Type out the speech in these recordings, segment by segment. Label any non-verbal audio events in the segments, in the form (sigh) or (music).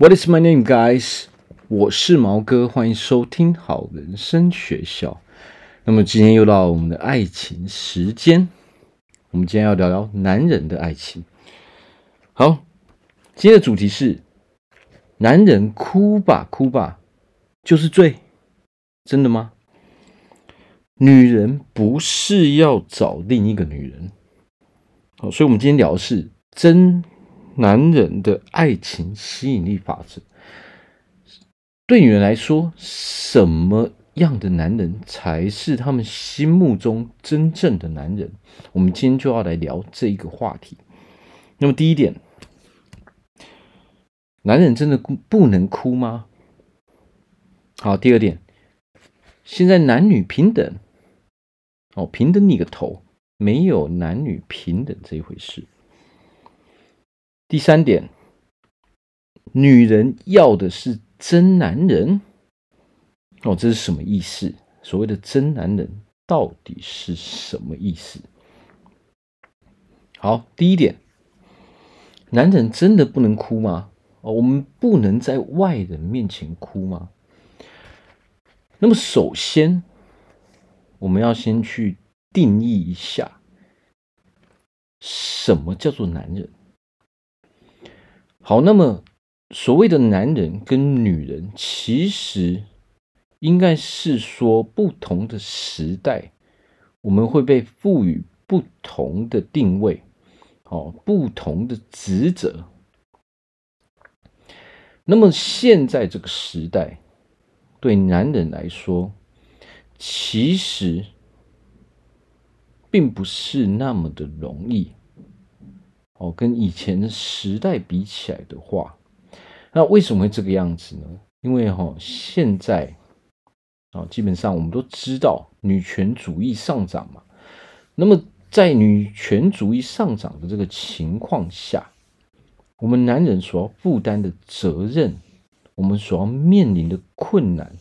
What is my name, guys？我是毛哥，歡迎收聽好人生學校。那麼今天又到了我們的愛情時間，我們今天要聊聊男人的愛情。好，今天的主題是男人哭吧，哭吧就是罪，真的嗎？女人不是要找另一個女人，好，所以我們今天聊的是真。男人的愛情吸引力法則，對女人來說，什麼樣的男人才是他們心目中真正的男人？我們今天就要來聊這一個話題。那麼，第一點，男人真的不不能哭嗎？好，第二點，現在男女平等？哦，平等你個頭，沒有男女平等這一回事。第三點，女人要的是真男人？哦，這是什麼意思？所謂的真男人到底是什麼意思？好，第一點，男人真的不能哭嗎？哦，我們不能在外人面前哭嗎？那麼，首先我們要先去定義一下，什麼叫做男人？好，那麼所謂的男人跟女人，其實應該是說，不同的時代，我們會被賦予不同的定位，哦，不同的職責。那麼現在這個時代，對男人來說，其實並不是那麼的容易。哦，跟以前的時代比起來的話，那為什麼會這個樣子呢？因為哈，現在啊，基本上我們都知道女權主義上漲嘛。那麼，在女權主義上漲的這個情況下，我們男人所要負擔的責任，我們所要面臨的困難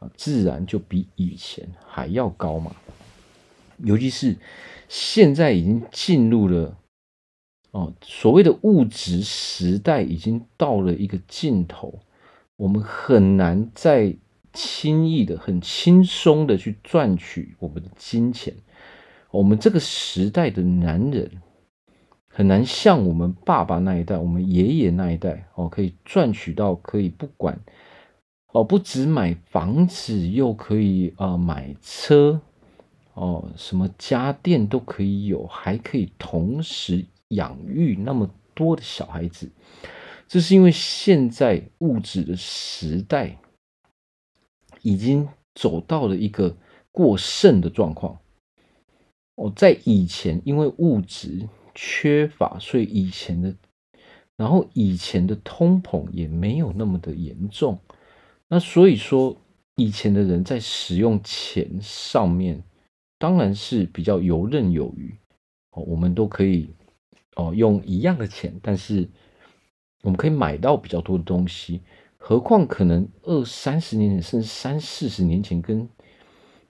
啊，自然就比以前還要高嘛。尤其是現在已經進入了。哦，所謂的物質時代已經到了一個盡頭，我們很難再輕易的、很輕鬆的去賺取我們的金錢。我們這個時代的男人很難像我們爸爸那一代、我們爺爺那一代哦，可以賺取到可以不管哦，不只買房子，又可以啊買車哦，什麼家電都可以有，還可以同時。養育那麼多的小孩子，這是因為現在物質的時代已經走到了一個過剩的狀況。哦，在以前因為物質缺乏，所以以前的，然後以前的通膨也沒有那麼的嚴重。那所以說，以前的人在使用錢上面，當然是比較游刃有餘。哦，我們都可以。哦，用一樣的錢，但是我們可以買到比較多的東西。何況可能二三十年，甚至三四十年前，跟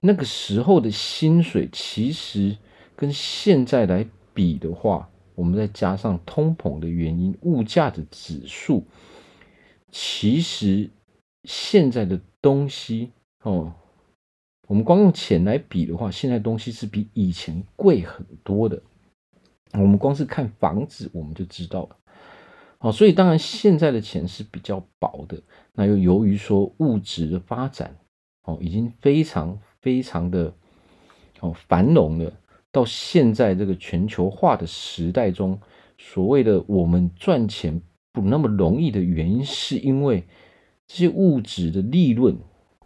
那個時候的薪水，其實跟現在來比的話，我們再加上通膨的原因，物價的指數，其實現在的東西，哦，我們光用錢來比的話，現在東西是比以前貴很多的。我們光是看房子，我們就知道了。哦，所以當然現在的錢是比較薄的。那又由於說物質的發展，哦，已經非常非常的哦繁榮了。到現在這個全球化的時代中，所謂的我們賺錢不那麼容易的原因，是因為這些物質的利潤，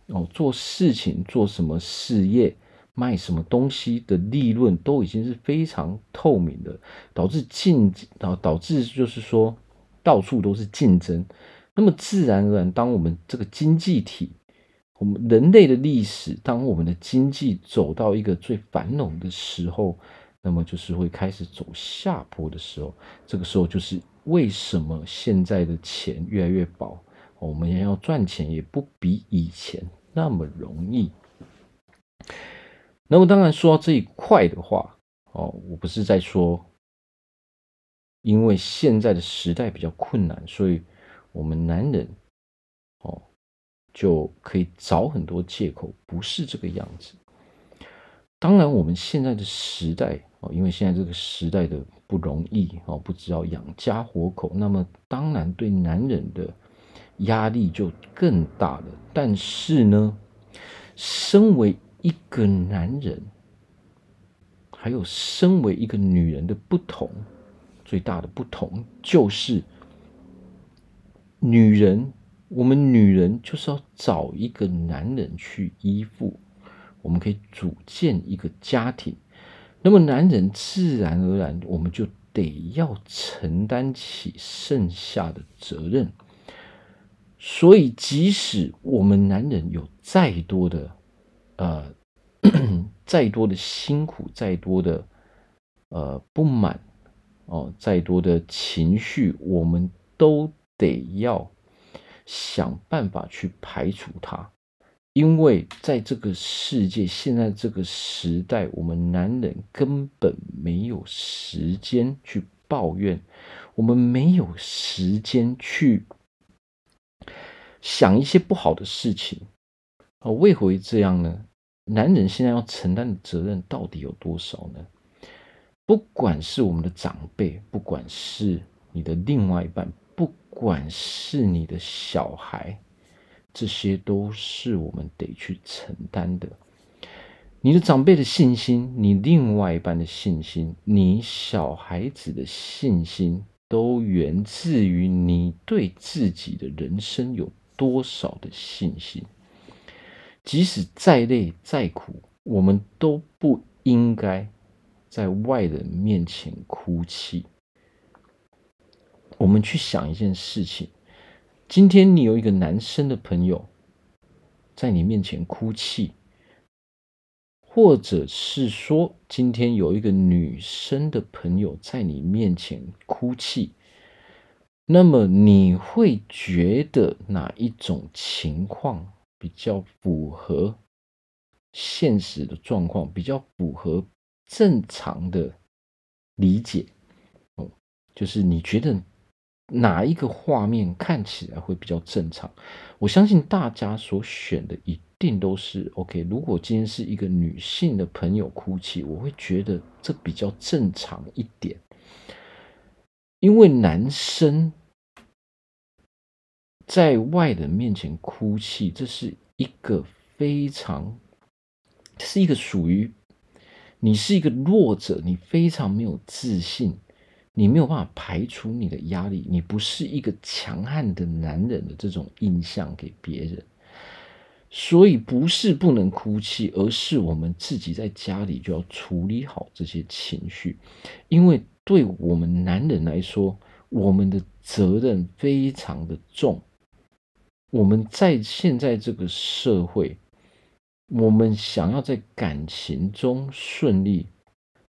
哦，做事情做什麼事業。賣什麼東西的利潤都已經是非常透明的，導致競爭，導致就是說到處都是競爭。那麼自然而然，當我們這個經濟體，我們人類的歷史，當我們的經濟走到一個最繁榮的時候，那麼就是會開始走下坡的時候。這個時候就是為什麼現在的錢越來越薄，我們要賺錢也不比以前那麼容易。那麼，然當然說到這一塊的話，哦，我不是在說，因為現在的時代比較困難，所以我們男人，哦，就可以找很多借口，不是這個樣子。當然，我們現在的時代，哦，因為現在這個時代的不容易，哦，不只要養家活口，那麼當然對男人的壓力就更大了。但是呢，身為一個男人，還有身為一個女人的不同，最大的不同就是，女人，我們女人就是要找一個男人去依附，我們可以組建一個家庭，那麼男人自然而然我們就得要承擔起剩下的責任，所以即使我們男人有再多的。呃咳咳，再多的辛苦，再多的呃不滿，哦、呃，再多的情緒，我們都得要想辦法去排除它，因為在這個世界，現在這個時代，我們男人根本沒有時間去抱怨，我們沒有時間去想一些不好的事情，啊、呃，為何會這樣呢？男人現在要承擔的責任到底有多少呢？不管是我們的長輩，不管是你的另外一半，不管是你的小孩，這些都是我們得去承擔的。你的長輩的信心，你另外一半的信心，你小孩子的信心，都源自於你對自己的人生有多少的信心。即使再累再苦，我們都不應該在外人面前哭泣。我們去想一件事情，今天你有一個男生的朋友在你面前哭泣，或者是說今天有一個女生的朋友在你面前哭泣，那麼你會覺得哪一種情況？比較符合現實的狀況，比較符合正常的理解哦、嗯。就是你覺得哪一個畫面看起來會比較正常？我相信大家所選的一定都是 OK。如果今天是一個女性的朋友哭泣，我會覺得這比較正常一點，因為男生。在外人面前哭泣，這是一個非常，是一個屬於你是一個弱者，你非常沒有自信，你沒有辦法排除你的壓力，你不是一個強悍的男人的這種印象給別人。所以不是不能哭泣，而是我們自己在家裡就要處理好這些情緒，因為對我們男人來說，我們的責任非常的重。我們在現在這個社會，我們想要在感情中順利，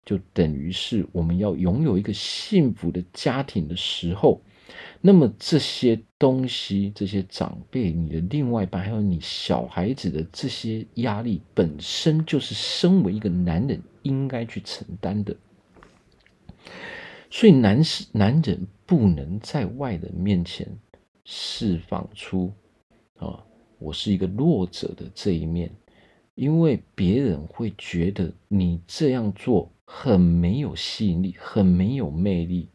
就等於是我們要擁有一個幸福的家庭的時候，那麼這些東西，這些長輩、你的另外一半，還有你小孩子的這些壓力，本身就是身為一個男人應該去承擔的。所以，男士、男人不能在外人面前釋放出。啊，我是一個弱者的這一面，因為別人會覺得你這樣做很沒有吸引力，很沒有魅力，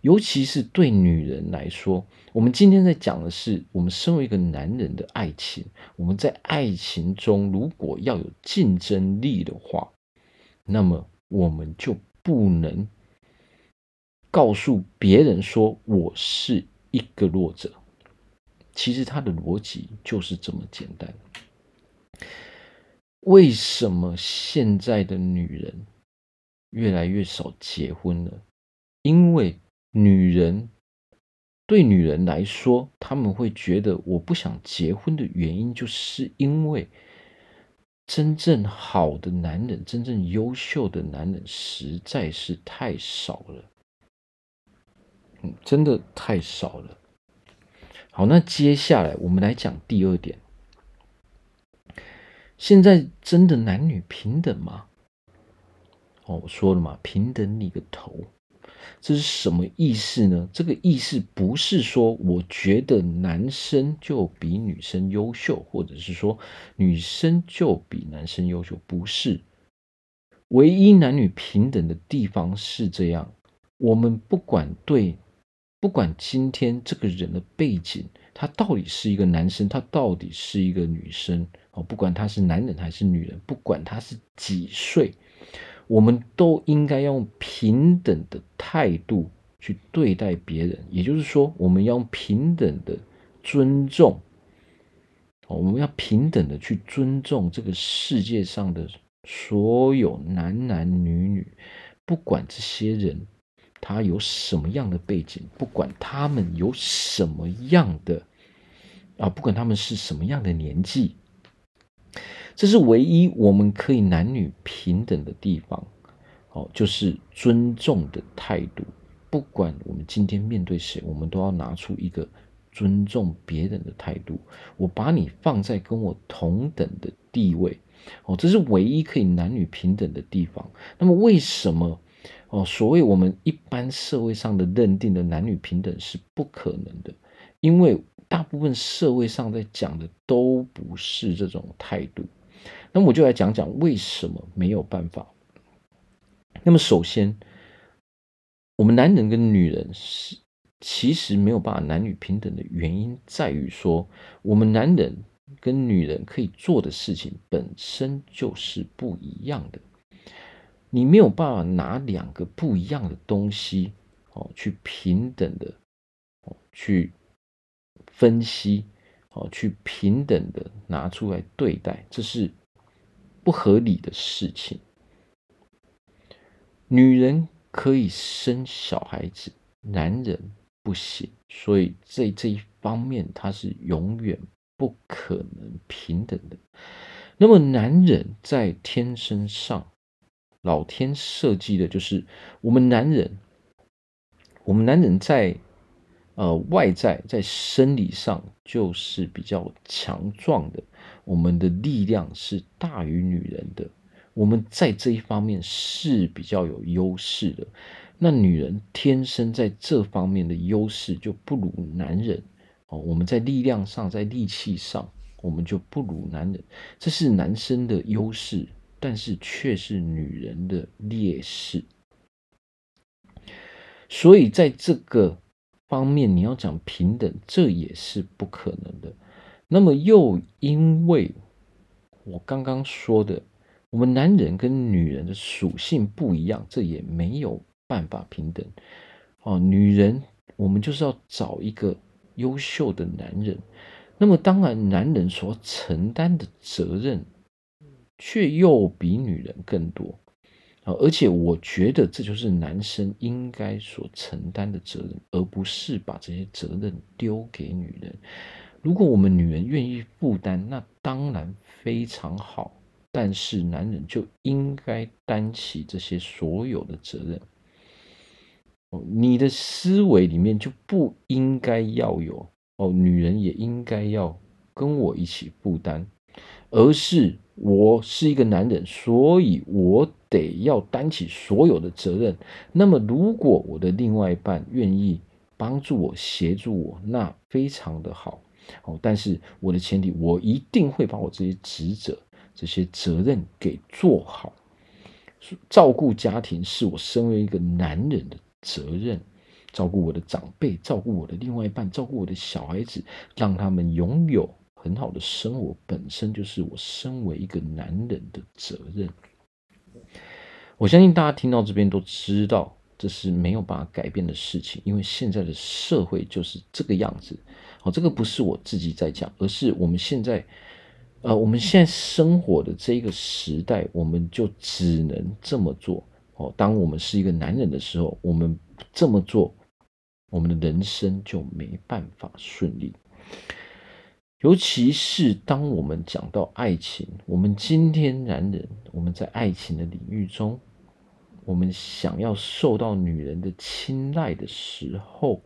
尤其是對女人來說。我們今天在講的是，我們身為一個男人的愛情，我們在愛情中如果要有競爭力的話，那麼我們就不能告訴別人說我是一個弱者。其實他的邏輯就是這麼簡單。為什麼現在的女人越來越少結婚了？因為女人對女人來說，她們會覺得我不想結婚的原因，就是因為真正好的男人、真正優秀的男人實在是太少了。嗯，真的太少了。好，那接下來我們來講第二點。現在真的男女平等嗎？哦，我說了嘛，平等你個頭！這是什麼意思呢？這個意思不是說我覺得男生就比女生優秀，或者是說女生就比男生優秀，不是。唯一男女平等的地方是這樣，我們不管對。不管今天這個人的背景，他到底是一個男生，他到底是一個女生，哦，不管他是男人還是女人，不管他是幾歲，我們都應該用平等的態度去對待別人。也就是說，我們要平等的尊重，我們要平等的去尊重這個世界上的所有男男女女，不管這些人。他有什麼樣的背景？不管他們有什麼樣的啊，不管他們是什麼樣的年紀，這是唯一我們可以男女平等的地方。哦，就是尊重的態度。不管我們今天面對誰，我們都要拿出一個尊重別人的態度。我把你放在跟我同等的地位。哦，這是唯一可以男女平等的地方。那麼，為什麼？哦，所謂我們一般社會上的認定的男女平等是不可能的，因為大部分社會上在講的都不是這種態度。那麼我就來講講為什麼沒有辦法。那麼首先，我們男人跟女人是其實沒有辦法男女平等的原因，在於說我們男人跟女人可以做的事情本身就是不一樣的。你沒有辦法拿兩個不一樣的東西，哦，去平等的，哦，去分析，哦，去平等的拿出來對待，這是不合理的事情。女人可以生小孩子，男人不行，所以在這一方面，他是永遠不可能平等的。那麼，男人在天生上。老天設計的就是我們男人，我們男人在呃外在在生理上就是比較強壯的，我們的力量是大於女人的，我們在這一方面是比較有優勢的。那女人天生在這方面的優勢就不如男人哦，我們在力量上，在力氣上我們就不如男人，這是男生的優勢。但是卻是女人的劣勢，所以在這個方面你要講平等，這也是不可能的。那麼又因為我剛剛說的，我們男人跟女人的屬性不一樣，這也沒有辦法平等。哦，女人，我們就是要找一個優秀的男人。那麼當然，男人所承擔的責任，卻又比女人更多啊！而且我覺得這就是男生應該所承擔的責任，而不是把這些責任丟給女人。如果我們女人願意負擔，那當然非常好。但是男人就應該擔起這些所有的責任。你的思維裡面就不應該要有哦，女人也應該要跟我一起負擔，而是。我是一個男人，所以我得要擔起所有的責任。那麼，如果我的另外一半願意幫助我、協助我，那非常的好。哦，但是我的前提，我一定會把我這些職責、這些責任給做好。照顧家庭是我身為一個男人的責任，照顧我的長輩，照顧我的另外一半，照顧我的小孩子，讓他們擁有。很好的生活，本身就是我身為一個男人的責任。我相信大家聽到這邊都知道，這是沒有辦法改變的事情，因為現在的社會就是這個樣子。好，這個不是我自己在講，而是我們現在，呃，我們現在生活的這個時代，我們就只能這麼做。哦，當我們是一個男人的時候，我們這麼做，我們的人生就沒辦法順利。尤其是當我們講到愛情，我們今天男人，我們在愛情的領域中，我們想要受到女人的青睞的時候，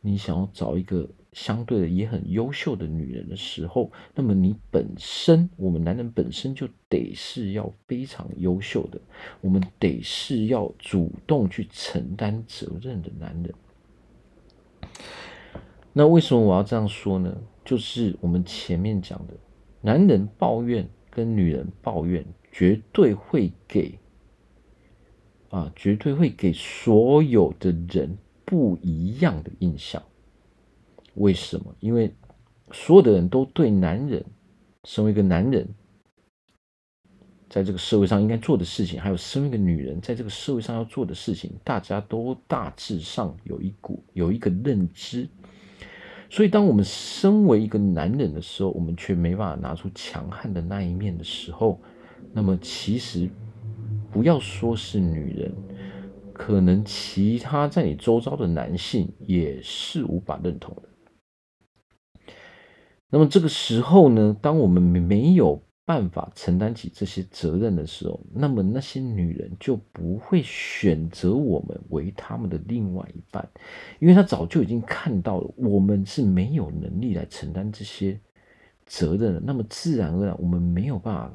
你想要找一個相對的也很優秀的女人的時候，那麼你本身，我們男人本身就得是要非常優秀的，我們得是要主動去承擔責任的男人。那為什麼我要這樣說呢？就是我們前面講的，男人抱怨跟女人抱怨，絕對會給啊，絕對會給所有的人不一樣的印象。為什麼？因為所有的人都對男人，身為一個男人，在這個社會上應該做的事情，還有身為一個女人，在這個社會上要做的事情，大家都大致上有一股有一個認知。所以，當我們身為一個男人的時候，我們卻沒辦法拿出強悍的那一面的時候，那麼其實，不要說是女人，可能其他在你周遭的男性也是無法認同的。那麼這個時候呢？當我們沒有辦法承擔起這些責任的時候，那麼那些女人就不會選擇我們為她們的另外一半，因為她早就已經看到了我們是沒有能力來承擔這些責任的。那麼自然而然，我們沒有辦法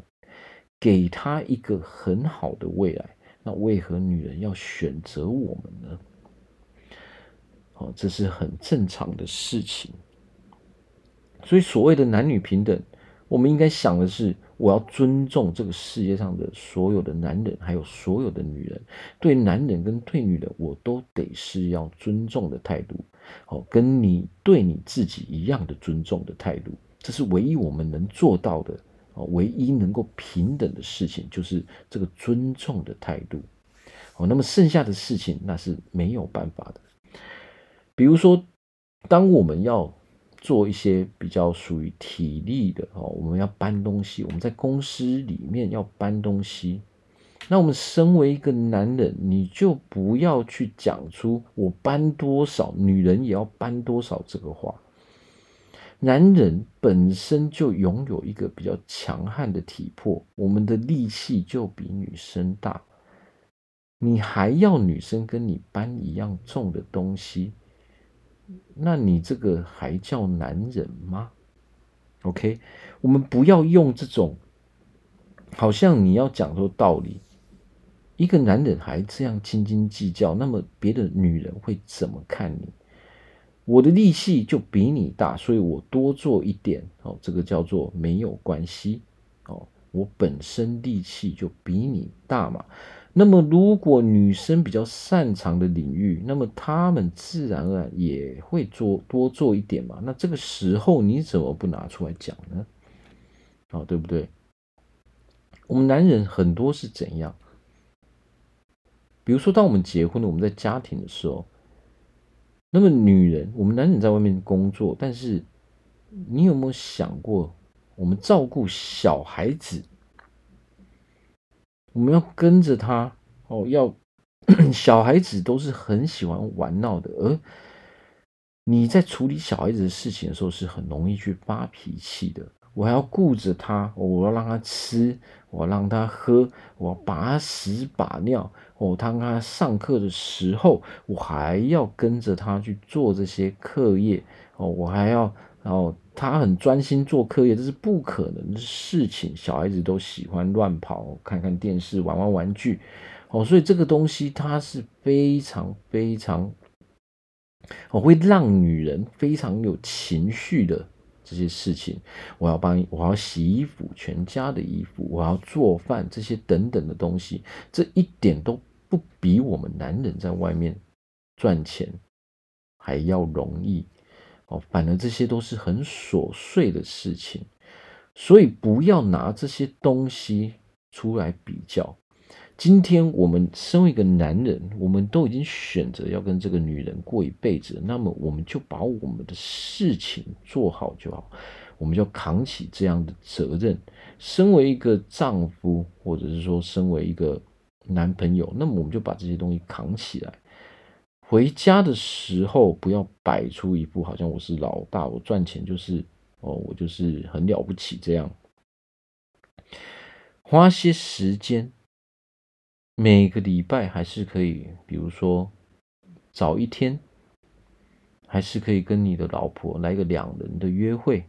給她一個很好的未來。那為何女人要選擇我們呢？好，這是很正常的事情。所以所謂的男女平等，我們應該想的是。我要尊重這個世界上的所有的男人，還有所有的女人。對男人跟對女人，我都得是要尊重的態度，哦，跟你對你自己一樣的尊重的態度。這是唯一我們能做到的，哦，唯一能夠平等的事情就是這個尊重的態度。哦，那麼剩下的事情那是沒有辦法的。比如說，當我們要。做一些比較屬於體力的哦，我們要搬東西，我們在公司裡面要搬東西。那我們身為一個男人，你就不要去講出“我搬多少，女人也要搬多少”這個話。男人本身就擁有一個比較強悍的體魄，我們的力氣就比女生大，你還要女生跟你搬一樣重的東西。那你這個還叫男人嗎？OK，我們不要用這種，好像你要講說道理，一個男人還這樣斤斤計較，那麼別的女人會怎麼看你？我的力氣就比你大，所以我多做一點，哦，這個叫做沒有關係，哦，我本身力氣就比你大嘛。那麼，如果女生比較擅長的領域，那麼他們自然而然也會做多做一點嘛。那這個時候你怎麼不拿出來講呢？啊、哦，對不對？我們男人很多是怎樣？比如說，當我們結婚了，我們在家庭的時候，那麼女人，我們男人在外面工作，但是你有沒有想過，我們照顧小孩子？我們要跟着他哦，要小孩子都是很喜歡玩鬧的，而你在處理小孩子的事情的時候是很容易去發脾氣的。我還要顧着他，哦、我要讓他吃，我讓他喝，我把他屎把尿。我、哦、他他上課的時候，我還要跟着他去做這些課業。哦，我還要然後、哦他很專心做課業，這是不可能的事情。小孩子都喜歡亂跑、看看電視、玩玩玩具，哦，所以這個東西它是非常非常我會讓女人非常有情緒的這些事情。我要幫我要洗衣服，全家的衣服，我要做飯，這些等等的東西，這一點都不比我們男人在外面賺錢還要容易。反而這些都是很瑣碎的事情，所以不要拿這些東西出來比較。今天我們身為一個男人，我們都已經選擇要跟這個女人過一輩子，那麼我們就把我們的事情做好就好，我們就扛起這樣的責任。身為一個丈夫，或者是說身為一個男朋友，那麼我們就把這些東西扛起來。回家的時候，不要擺出一副好像我是老大，我賺錢就是哦，我就是很了不起這樣。花些時間，每個禮拜還是可以，比如說早一天，還是可以跟你的老婆來個兩人的約會，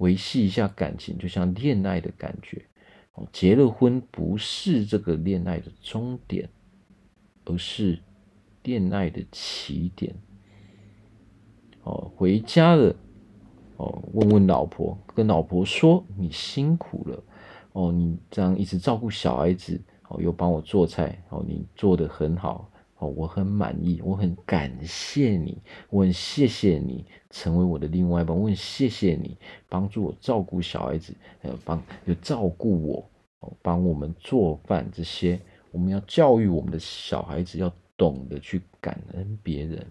維繫一下感情，就像戀愛的感覺。結了婚不是這個戀愛的終點，而是。戀愛的起點，哦，回家了，哦，問問老婆，跟老婆說，你辛苦了，哦，你這樣一直照顧小孩子，哦，又幫我做菜，哦，你做得很好，哦，我很滿意，我很感謝你，我很謝謝你成為我的另外一半，我很謝謝你幫助我照顧小孩子，還有幫又照顧我，哦，幫我們做飯這些，我們要教育我們的小孩子要。懂得去感恩別人，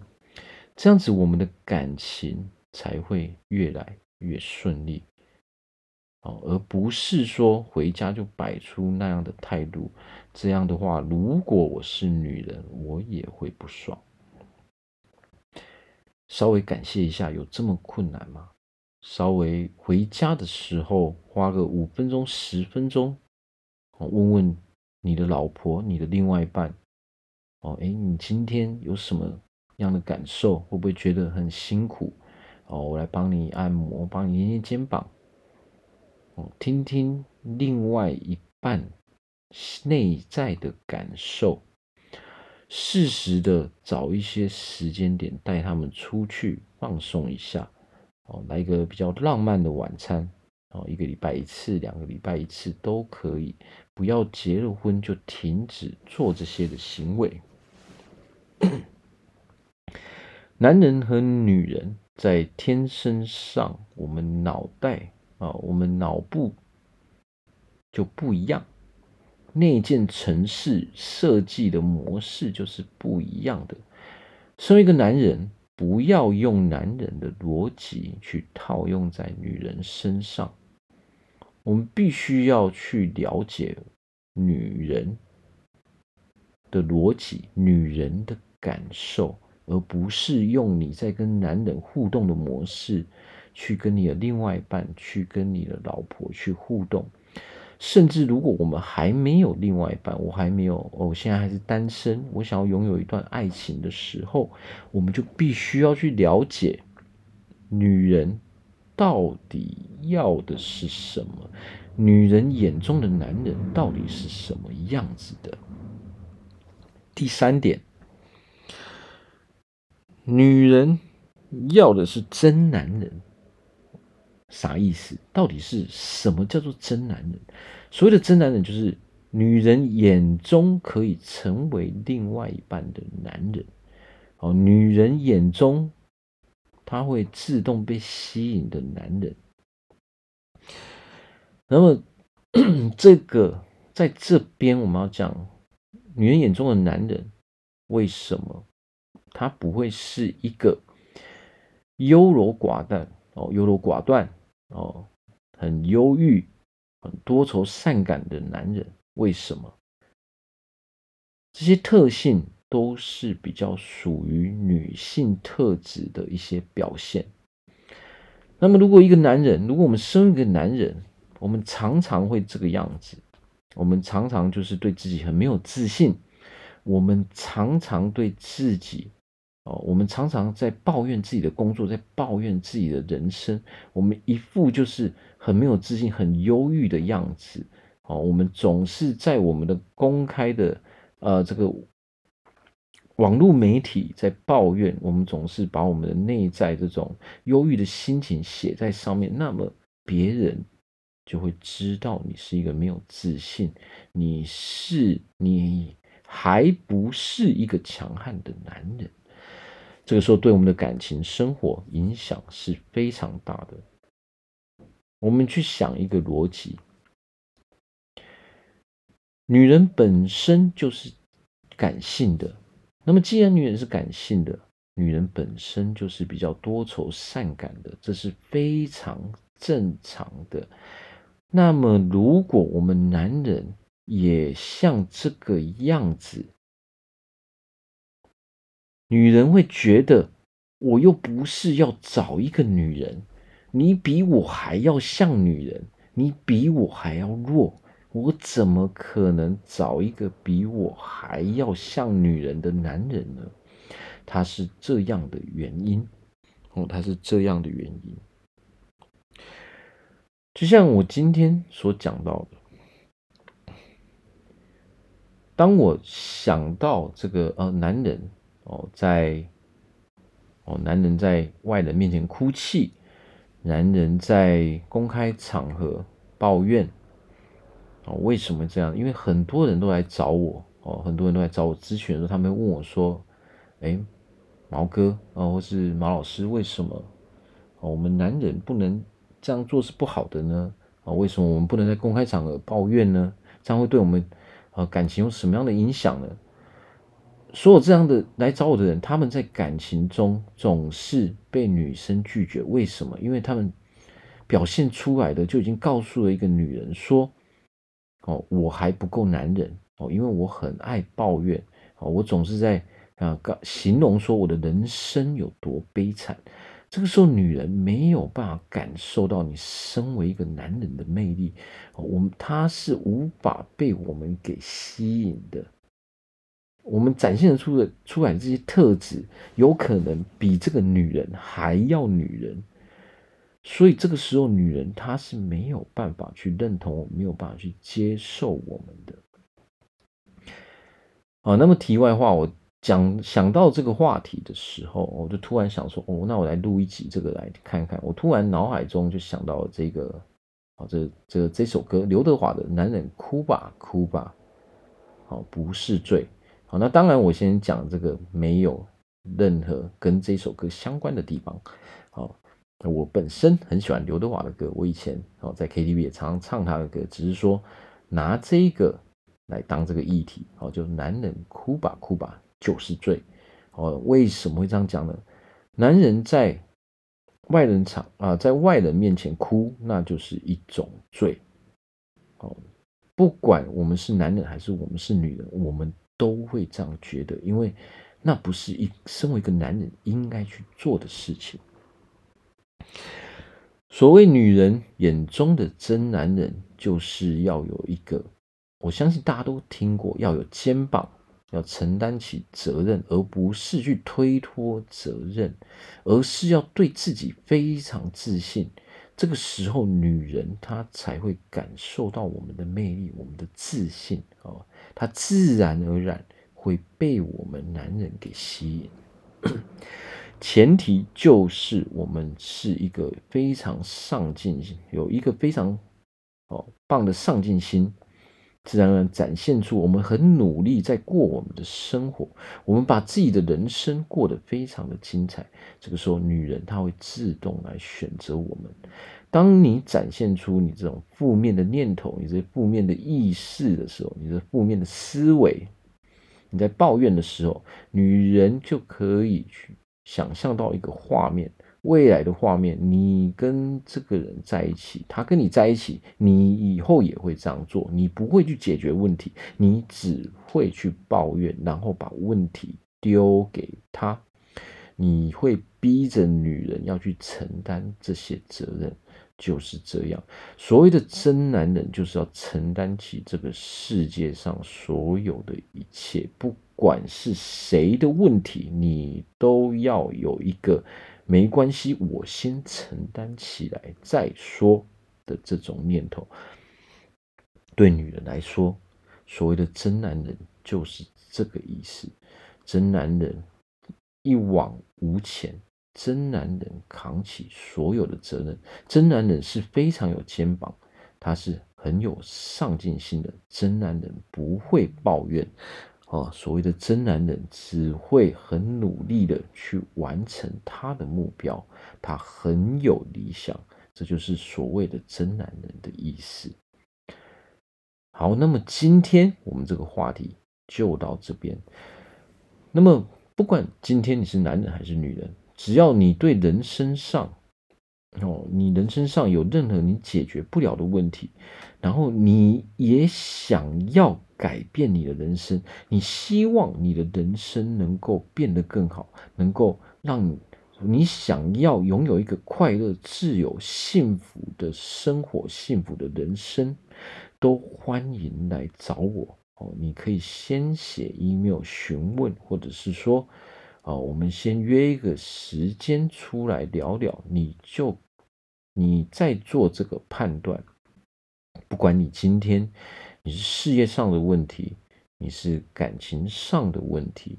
這樣子我們的感情才會越來越順利。哦，而不是說回家就擺出那樣的態度。這樣的話，如果我是女人，我也會不爽。稍微感謝一下，有這麼困難嗎？稍微回家的時候花個五分鐘、十分鐘，問問你的老婆、你的另外一半。哦，哎，你今天有什麼樣的感受？會不會覺得很辛苦？哦，我來幫你按摩，幫你捏捏肩膀。哦、嗯，聽聽另外一半內在的感受，適時的找一些時間點帶他們出去放鬆一下。哦，來一個比較浪漫的晚餐。哦，一個禮拜一次，兩個禮拜一次都可以。不要結了婚就停止做這些的行為。 (coughs) 男人和女人在天生上，我們腦袋啊，我們腦部就不一樣，內建城市設計的模式就是不一樣的。身為一個男人，不要用男人的邏輯去套用在女人身上，我們必須要去了解女人的邏輯，女人的。感受，而不是用你在跟男人互動的模式去跟你的另外一半、去跟你的老婆去互動。甚至如果我們還沒有另外一半，我還沒有，哦，我現在還是單身，我想要擁有一段愛情的時候，我們就必須要去了解女人到底要的是什麼，女人眼中的男人到底是什麼樣子的。第三點。女人要的是真男人，啥意思？到底是什麼叫做真男人？所謂的真男人，就是女人眼中可以成為另外一半的男人，哦，女人眼中他會自動被吸引的男人。那麼，這個在這邊我們要講，女人眼中的男人，為什麼？他不會是一個優柔寡斷哦，優柔寡斷哦，很憂鬱、很多愁善感的男人。為什麼？這些特性都是比較屬於女性特質的一些表現。那麼，如果一個男人，如果我們身為一個男人，我們常常會這個樣子，我們常常就是對自己很沒有自信，我們常常對自己。哦，我們常常在抱怨自己的工作，在抱怨自己的人生，我們一副就是很沒有自信、很憂鬱的樣子。哦，我們總是在我們的公開的呃這個網絡媒體在抱怨，我們總是把我們的內在這種憂鬱的心情寫在上面，那麼別人就會知道你是一個沒有自信，你是你還不是一個強悍的男人。這個時候對我們的感情生活影響是非常大的。我們去想一個邏輯：女人本身就是感性的，那麼既然女人是感性的，女人本身就是比較多愁善感的，這是非常正常的。那麼如果我們男人也像這個樣子，女人會覺得，我又不是要找一個女人，你比我還要像女人，你比我還要弱，我怎麼可能找一個比我還要像女人的男人呢？他是這樣的原因，哦，他是這樣的原因，就像我今天所講到的，當我想到這個呃男人。哦，在哦，男人在外人面前哭泣，男人在公開場合抱怨，哦，為什麼這樣？因為很多人都來找我，哦，很多人都來找我諮詢的時候，他們問我說：“哎、欸，毛哥啊、哦，或是毛老師，為什麼我們男人不能這樣做是不好的呢？啊、哦，為什麼我們不能在公開場合抱怨呢？這樣會對我們啊、哦、感情有什麼樣的影響呢？”所有這樣的來找我的人，他們在感情中總是被女生拒絕，為什麼？因為他們表現出來的就已經告訴了一個女人說：“哦，我還不夠男人哦，因為我很愛抱怨哦，我總是在啊、呃，形容說我的人生有多悲慘。”這個時候，女人沒有辦法感受到你身為一個男人的魅力，哦、我們他是無法被我們給吸引的。我們展現出的出來的這些特質，有可能比這個女人還要女人，所以這個時候女人她是沒有辦法去認同我，沒有辦法去接受我們的。好，那麼題外話，我講想到這個話題的時候，我就突然想說，哦，那我來錄一集這個來看看。我突然腦海中就想到了這個，啊、哦，這這這首歌，劉德華的《男人哭吧哭吧》，好，不是罪。好，那當然，我先講這個沒有任何跟這首歌相關的地方。好，我本身很喜歡劉德華的歌，我以前好在 KTV 也常常唱他的歌，只是說拿這個來當這個議題。好，就男人哭吧，哭吧就是罪。哦，為什麼會這樣講呢？男人在外人場啊，在外人面前哭，那就是一種罪。哦，不管我們是男人還是我們是女人，我們。都會這樣覺得，因為那不是一身為一個男人應該去做的事情。所謂女人眼中的真男人，就是要有一個，我相信大家都聽過，要有肩膀，要承擔起責任，而不是去推脫責任，而是要對自己非常自信。這個時候，女人她才會感受到我們的魅力，我們的自信啊。哦，她自然而然會被我們男人給吸引， (coughs) 前提就是我們是一個非常上進心，有一個非常哦棒的上進心，自然而然展現出我們很努力在過我們的生活，我們把自己的人生過得非常的精彩，這個時候女人她會自動來選擇我們。當你展現出你這種負面的念頭、你這負面的意識的時候，你這負面的思維，你在抱怨的時候，女人就可以去想象到一個畫面，未來的畫面。你跟這個人在一起，他跟你在一起，你以後也會這樣做。你不會去解決問題，你只會去抱怨，然後把問題丟給他。你會逼着女人要去承擔這些責任。就是這樣，所謂的真男人就是要承擔起這個世界上所有的一切，不管是誰的問題，你都要有一個沒關係，我先承擔起來再說的這種念頭。對女人來說，所謂的真男人就是這個意思，真男人一往無前。真男人扛起所有的責任，真男人是非常有肩膀，他是很有上進心的。真男人不會抱怨，哦，所謂的真男人只會很努力的去完成他的目標，他很有理想，這就是所謂的真男人的意思。好，那麼今天我們這個話題就到這邊。那麼不管今天你是男人還是女人，只要你對人生上，哦，你人生上有任何你解決不了的問題，然後你也想要改變你的人生，你希望你的人生能夠變得更好，能夠讓你你想要擁有一個快樂、自由、幸福的生活、幸福的人生，都歡迎來找我哦。你可以先寫 email 詢問，或者是說。啊、哦，我們先約一個時間出來聊聊，你就你再做這個判斷。不管你今天你是事業上的問題，你是感情上的問題，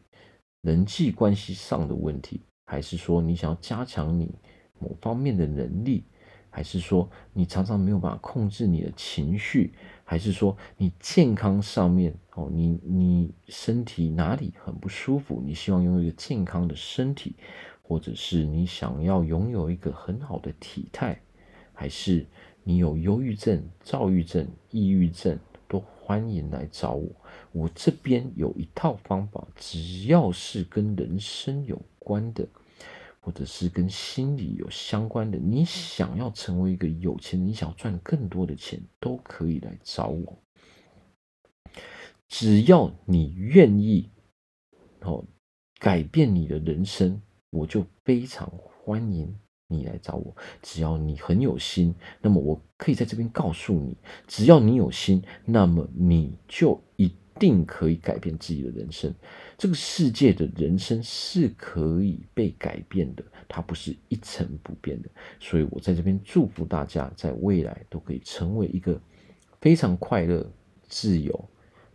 人際關係上的問題，還是說你想要加強你某方面的能力，還是說你常常沒有辦法控制你的情緒。還是說你健康上面哦，你你身體哪裡很不舒服？你希望擁有一個健康的身體，或者是你想要擁有一個很好的體態，還是你有憂鬱症、躁鬱症、抑鬱症，都歡迎來找我。我這邊有一套方法，只要是跟人生有關的，或者是跟心理有相關的，你想要成為一個有錢人，你想賺更多的錢，都可以來找我。只要你願意，哦，改變你的人生，我就非常歡迎你來找我。只要你很有心，那麼我可以在這邊告訴你，只要你有心，那麼你就一定可以改變自己的人生。這個世界的人生是可以被改變的，它不是一成不變的。所以我在這邊祝福大家，在未來都可以成為一個非常快樂、自由，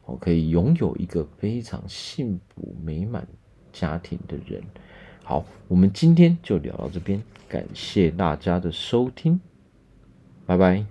我可以擁有一個非常幸福美滿家庭的人。好，我們今天就聊到這邊，感謝大家的收聽，拜拜。